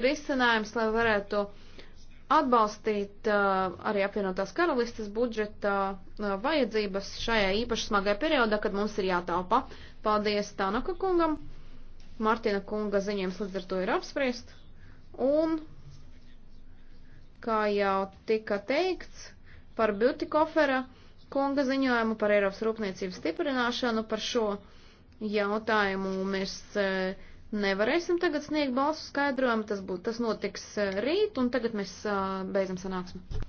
risinājums, lai varētu atbalstīt uh, arī apvienotās karalistas budžeta uh, vajadzības šajā īpaši smagajā periodā, kad mums ir jātāpa. Paldies Tanaka kungam. Martina kunga ziņojums līdz ar to ir apspriest. Un, kā jau tika teikts, par Butikofera kunga ziņojumu par Eiropas rūpniecības stiprināšanu par šo jautājumu mēs. Uh, nevarēsim tagad sniegt balsu skaidrojumu. Tas, būt, tas notiks eh, rīt, un tagad mēs eh, beidzam sanāksmi.